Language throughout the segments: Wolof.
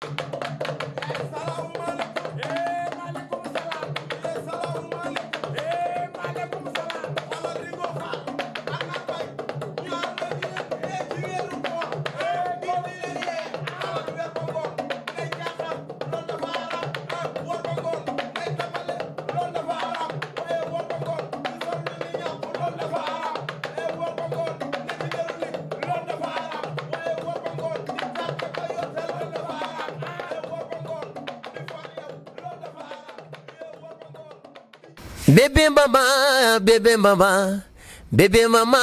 Thank you Bébé maman, bébé maman, bébé maman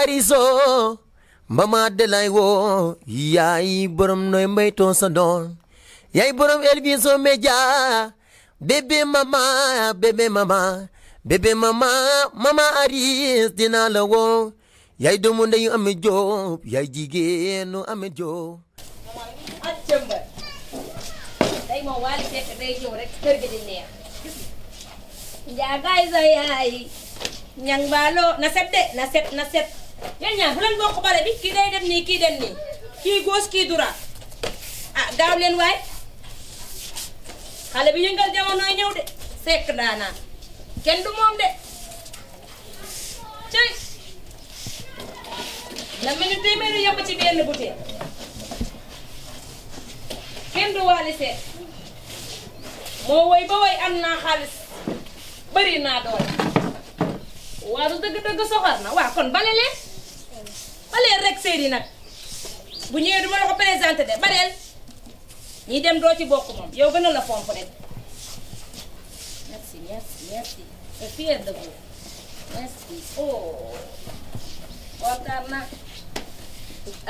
Arizo, maman Delay woo yaay borom nooy mbaytoo sa doon yaay borom El Vision Médias bébé maman bébé maman bébé maman maman Aris la woo yaay doomu ndeyu Ameth Diop yaay jigéenu Ameth Diop. njaagaay sa yaay ñang baaloo na set de na set na set yan ñaar bu leen bokk bare bi kii day dem nii kii dem nii kii góos kii duraat ah gaaw leen waay xale bi yëngal jamonoy ñëw de sekk daanaan kenn du moom de cëy la mel ni téeméeri yëpp ci benn butéel kenn du waali moo woy ba woy am naa xaalis bari naa doole waa du dëgg-dëgg soxor na waa kon balele baleel rek séeri nag bu ñëwee du ma ko présenté de baleel ñi dem doo ci bokk moom yow gën a la fomp rek merci merci merci et fier de vous merci oh kontaan naa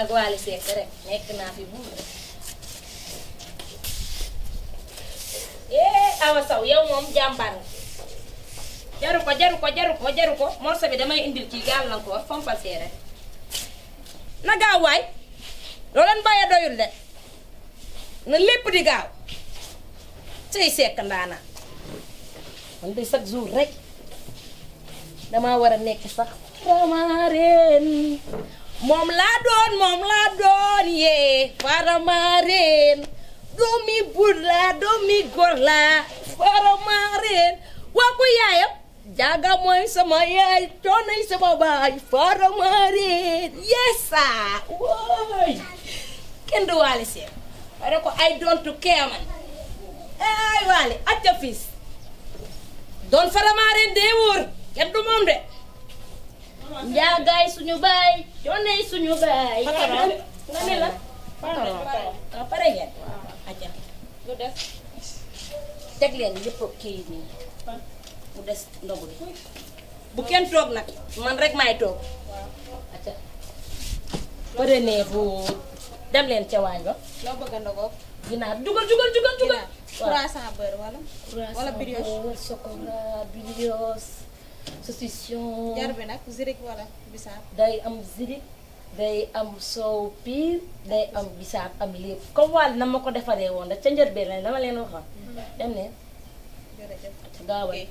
ak Waly Seck rek nekk naa fi buum rek eh Awa yow moom jàmbaar nga jaru ko jaru ko jaru ko jaru ko morso bi damay indil ci gàllankoor fompal seere na gaaw waay loo leen bàyyee doyul de na lépp di gaaw cay sekk ndaana man de chaque jour rek damaa war a nekk sax faramareen moom laa doon moom laa doon yee faramareen doomi buur laa doomi góor laa faramareen jaga sama samaya tona sama samabai faro mari yesa oi ken do wale se ara ko i don't care man ay wale atta fis don faro marin, de wor ken do mom de jaga suñu bay tona suñu bay ngane la pare pare ngeen atta def tek len yep kii ni mu des ndogu bi bu kenn toog nag man rek maay toog. acca prenez vous dem leen ca waañ ba. loo bëgg a ginaar jugal jugal jugal jugal. croissant beurre wala. wala brioche croissant bi nag zirik wala bisaab. day am zirik day am soow piir day am bisaab am lépp comme na ma ko defaree woon da ca njëlbeen lañ dama leen waxoon. Mm-hmm. dem leen. jërëjëf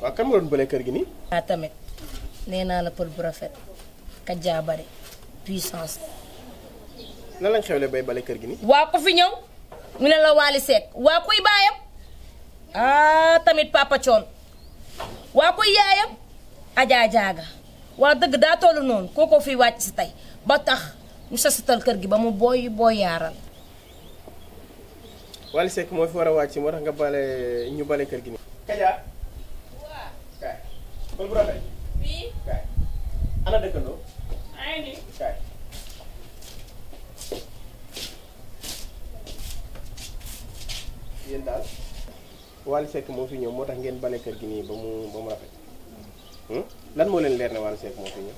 waaw ah, kan moo doon bële nenala gi nii. ah tamit nee naa la pël bu ka jaabare puissance. lan lañ xewle bay bale kër gi nii. waa ko fi ñëw mu ne la ah tamit papa Thion waa kuy yaayam Adja Diaga waa dëgg daa toll noonu kookoo fi wàcc si tey ba tax mu sasatal kër gi ba mu booy booy yaaral. Waly Seck moo fi tax nga bale ñu bale kër gi comprendre oui kaay ana dëkkandoo ay ni moo fi ñëw moo tax ngeen bale kër gi nii ba mu ba mu rafet hmm? lan moo leen leer ne Wally Seck moo fi ñëw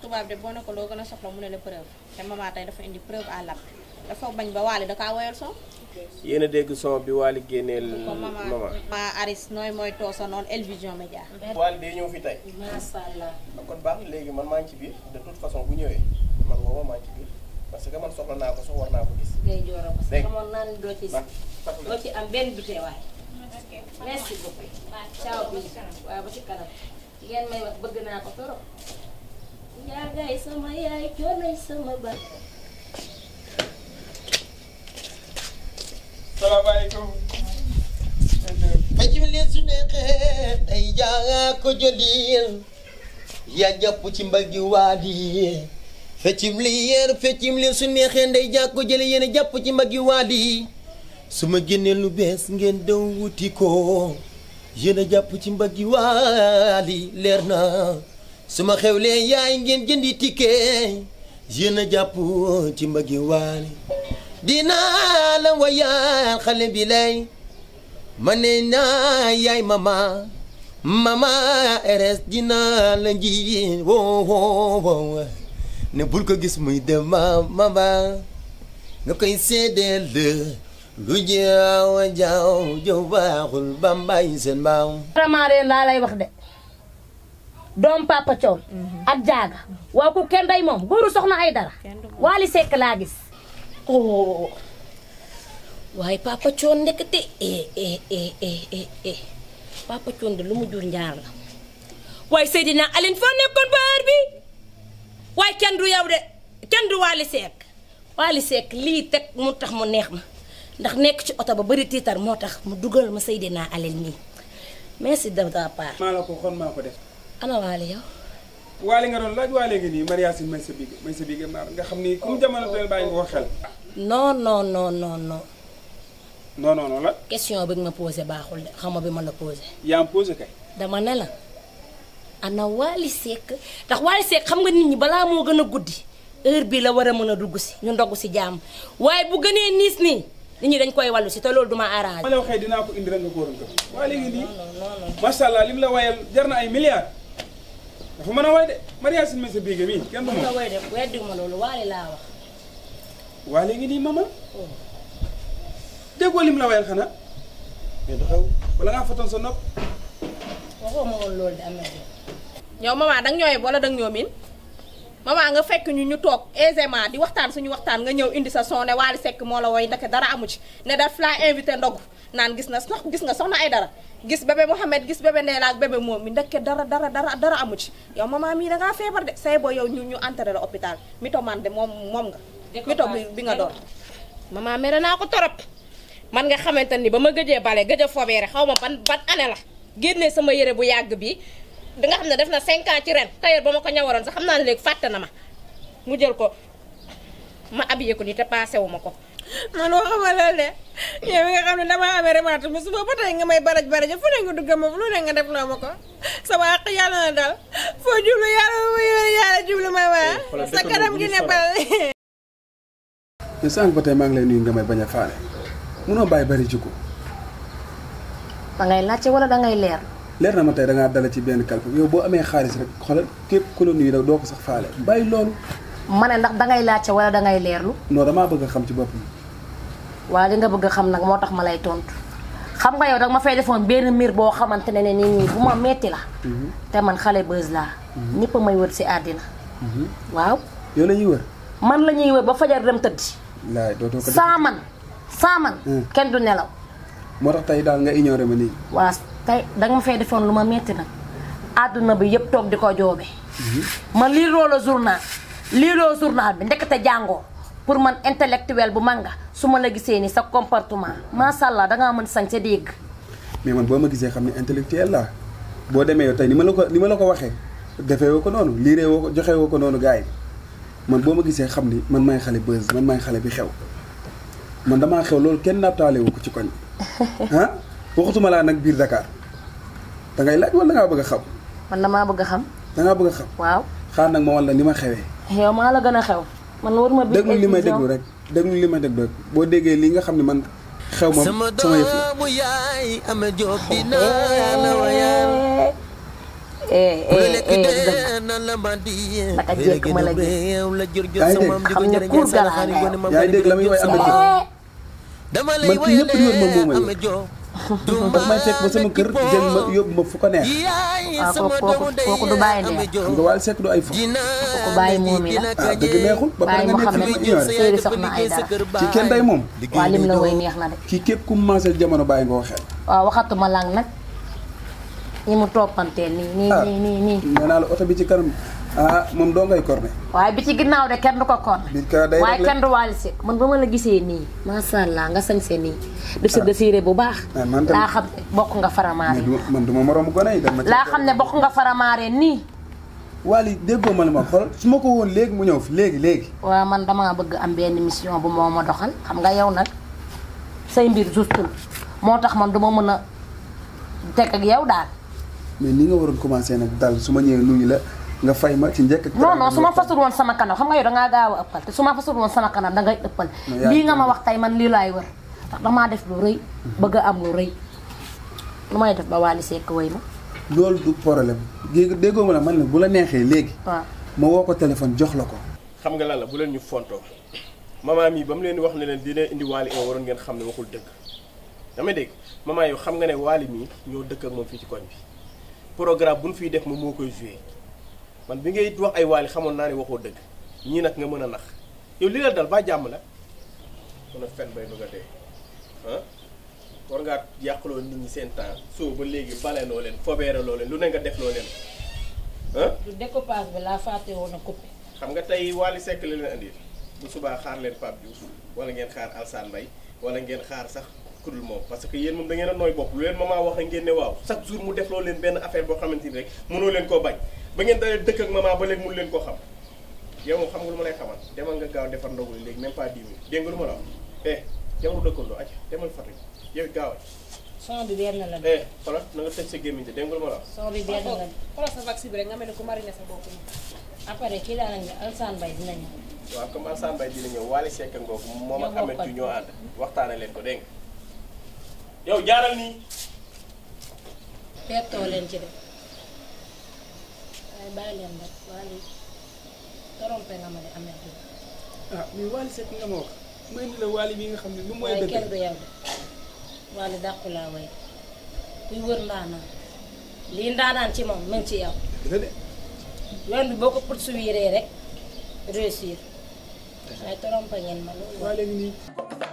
tubaab de boo ne ko loo gën a soxla mu ne la preuve te maman tey dafa indi preuve à l'appui dafa bañ ba Wally da woyal son yéen a dégg son bi waa Wally génneel mama ma Aris nooy mooy toosa noonu El Vision Média Wally day ñëw fi tey masha Allah kon baax léegi man maa ci biir de toute façon bu ñëwee man woowa maa ngi ci biir parce que man soxla naa ko sax war naa ko gis ngay que xamoon naa ne doo ci doo ci am benn dutee waay merci beaucoup ciao bi waaw ba ci kanam ngeen may wax bëgg naa ko torop yaa sama yaay coonay sama ba salaamaaleykum. ba ci su neexee day jaaga ko yaa jàpp ci mbaggi waadi feccim li yeer feccim li su neexee ndey jàkko jële yéen a jàpp ci mbaggi waadi su ma génnee ngeen daw wuti ko jàpp ci mbaggi waadi leer na su ma xewlee yaay ngeen jëndi tikkee yéen jàpp ci mbaggi waadi dinaa la woyal xale bi lay ma ne naa yaay mama mama eres dinaa la nji woo ne bul ko gis muy dem mama nga koy seedeel de lu jaaw jaaw jëw baaxul bambay seen mbaaw vraiment reen laa lay wax de doom papa Thione mhm. ak jaaga waaw ku kenn day moom góoru soxna ay dara waali sekk laa gis oh waaye papa coon ndekete eh eh, eh, eh, eh papa coon de lu mu jur njaar la waaye Seydina Aline foo nekkoon ba bi waaye kenn du yow de kenn du Waly Seck lii teg mu tax mu neex ma ndax nekk ci oto ba bari tiitar moo tax mu dugal ma Seydina Aline nii merci de ta part. maa la ko xon maa ko def. ana Waly waale nga doon laaj waale nga nii Maria Sy may sa bigg may sa bigg maar nga xam ni comme jamono teel bàyyi nga ko xel. non non non non la. question bi ma posé baaxul de xaw ma bi ma la posé. yaa dama ne la ana Waly Seck ndax Waly Seck xam nga nit ñi balaa moo gën a guddi heure bi la war a mën a dugg si ñu ndogg si jàmm waaye bu gënee niis nii. nit ñi dañ koy wàllu si te loolu duma arrangé. ma dinaa ko indi rek nga ko war a gëm. waaye allah lim la wayal jar na ay milliards. dafa mën a woy de Maria Sine Mesa Biége mii kenn du ma. mën na woy de weddiwuma loolu waale laa wax. waale ngi nii mama. Oh. déggoo lim la wayal xanaa. wala ngaa sa nopp. ma woon loolu de am na yow mama danga ñooy wala danga ñoo miin mama nga fekk ñu ñu toog aisément di waxtaan suñu waxtaan nga ñëw indi sa son ne Wally Seck moo la woy ndeke dara amu ci ne daf laa invité ndogu. nan gis na sox gis nga soxna ay dara gis bébé mohammed gis bébé Mu. ak bébé moom mi dara dara dara dara amu ci yow mama mi da nga feebar de say bo yow ñu ñu enterré la hôpital mythomane de mom mom nga mytho bi bi nga do mama méré na ko torop man nga xamanteni bama gëjé balé gëjee bale gëj ban ban ané la génné sama yéré bu yagg bi da nga xamné ne def na 5 ans ci ren tayer bama ko ñawaroon sax xamna naa ne na ma mu jël ko ma abiyé ko ni té passé wu man waxuma ya, ya ya eh, la le yow nga xamne dama amé rematu remaat bi suba ba nga may baraj baraj fu ne nga dugg mo lu ne nga def loo ma ko sama àq yàlla na dal fo djublu yalla mo yalla yalla djublu ma wa sa kanam gi ne bal ni sang patay mang lay nuy nga may baña a mu no bay bari jikko da ngay laajte wala da ngay leer leer na ma tay da nga dala ci benn kalpe yow bo amé xaaliss rek xolal kep ku la nuyu do ko sax faale bay loolu ma ne ndax dangay laajte wala dangay leerlu. non damaa bëgg a xam ci boppam. waaw li nga bëgg a xam nag moo tax ma lay tontu xam nga yow dag ma fay defoon benn mbir boo xamante ne nii bu ma metti mhm. te man xale bës laa. Mhm. ñëpp a may wër si àddina. Mhm. waaw. yow la ñuy wër. man la ñuy wër ba fajar dem tëddi. laay dootoo ko man saa man. Hmm. kenn du nelaw. moo tax tey daal nga ignoré ma nii. waaw tey da nga ma fay defoon lu ma metti nag. àdduna bi yëpp toog di ko joobe. ma lii rôle journal. lii loo journal bi ndekete jàngoo pour man intellectuel bu man nga su ma la gisee ni sa comportement macha allah dangaa man sañ sa dégg. mais man boo ma gisee xam ne intellectuel laa boo demee yow tey ni ma la ko ni ma la ko waxee defee woo ko noonu liiree woo ko joxee woo ko noonu gars yi man boo ma gisee xam ni man maay xale buzz man maay xale bi xew man damaa xew loolu kenn naataale wu ko ci koñ ah waxatuma laa nag biir Dakar da ngay laaj wala da ngaa bëgg a xam. man damaa bëgg a xam. da ngaa bëgg a xam. nag ma wan la ma xewee. yow maa la gën a xew. man war ma biir déglu li may déglu rek déglu li boo déggee li nga xam ne man xew ma sama yëf la. naka jekk ma la gis. xam ne kuur galaay nga yow. yaa ngi dégg la muy woy am na man ñëpp di wër ma moo ma daf may fekk ba sama kër jël ma yóbbu ma fu ko neex. waaw ah, kooku kooku du bàyyi de. du ay fo. kooku bàyyi moom yi la. ah dëgg neexul ba pare nga nekk ci séeri soxna ay dara. ci kenn day la woy neex na de. kii képp ku commencé jamono bàyyi nga ko xel. waaw waxatuma lang nag ñi mu toppanteel ah, la oto bi ci kanam ah moom doo ngay corne. waaye bi ci ginnaaw de kenn du ko corne. waaye kenn du Wally Seck man ba ma la gisee nii. macha allah nga sañ see nii def sa désiré bu baax eh, la xam bokk nga faramaare man duma morom gone yi dama laa xam ne bokk nga faramaare ni wali déggoo man ma xol suma ko won léegi mu ñëw fi léegi léegi wa man dama bëgg am benn mission bu moma doxal xam nga yow nak say mbir juste motax man duma mëna ya a ak yow daal mais ni nga waron commencer nak dal suma ma ñëwee nuyu la nga fay ma ci ndiek ak non non suma fasul won sama kanam xam nga yow da nga gaaw a te suma fasul won sama kanam da nga eppal lii ya, nga ya. ma wax tay man li lay wër ndax damaa def lu rëy bëgg am lu rëy lu may def ba Wally Seck way ma loolu du problème dégg déggoo ma la man la bu la neexee léegi waaw ma woo ko téléphone jox la ko xam nga lan la bu leen ñu fontoo maman mi ba mu leen wax ne leen di leen indi Wally un waroon ngeen xam ne waxul dëgg damay dégg maman yow xam nga ne Wally mii ñoo dëkk moom fii ci koñ bi programme bu ñu fiy def ma moo koy joué man bi ngay wax ay Wally xamoon naa ne waxoo dëgg ñii nag nga mën a nax yow li la dal ba jàmm la mën ah war ngaa yàqloo nit ñi seen temps soo ba léegi bale noo leen fobeere loo leen lu ne nga def loo leen ah. du découpage bi a coupé. xam nga tey Wally Seck la leen andil bu subaa xaar leen Pape Diouf wala ngeen xaar Alsaan Mbaye wala ngeen xaar sax kudul moom parce que yéen moom da ngeen a nooy bopp lu leen maman wax a ngeen ne waaw chaque jour mu def loo leen benn affaire boo xamante rek mënoo leen koo bañ ba ngeen dalee dëkk ak maman ba léegi mënu leen koo xam yow moom xam nga lu ma lay xamal demal nga gaaw defar léegi même pas dix minutes dégg nga lu ma jamono dëkkandoo aca demal Fatick yow gaaw a. son bi benn la. eh xoolal na nga tëj sa gémmiñ dégg nga la wax. son bi benn la xoolal sa vaccin bi rek nga mel ne ku marine sa bopp yi. après kii dina ñëw. waaw comme Alassane Mbaye dina ñëw Waly Seck ngoog moom ak Ameth ñoo ànd waxtaane leen ko dégg nga yow jaaral nii. pertoo leen ci de waaye bàyyi leen rek Waly trompé nga ma de Ameth. ah mais mu indi la waali bi nga xam ne lu mooy dëgg kenn du yow de waali dàqu laa way kuy wër ndaanaan lii ndaanaan ci moom mën ci yow yoon boo ko poursuivre rek réussir waaye trompe ngeen ma loolu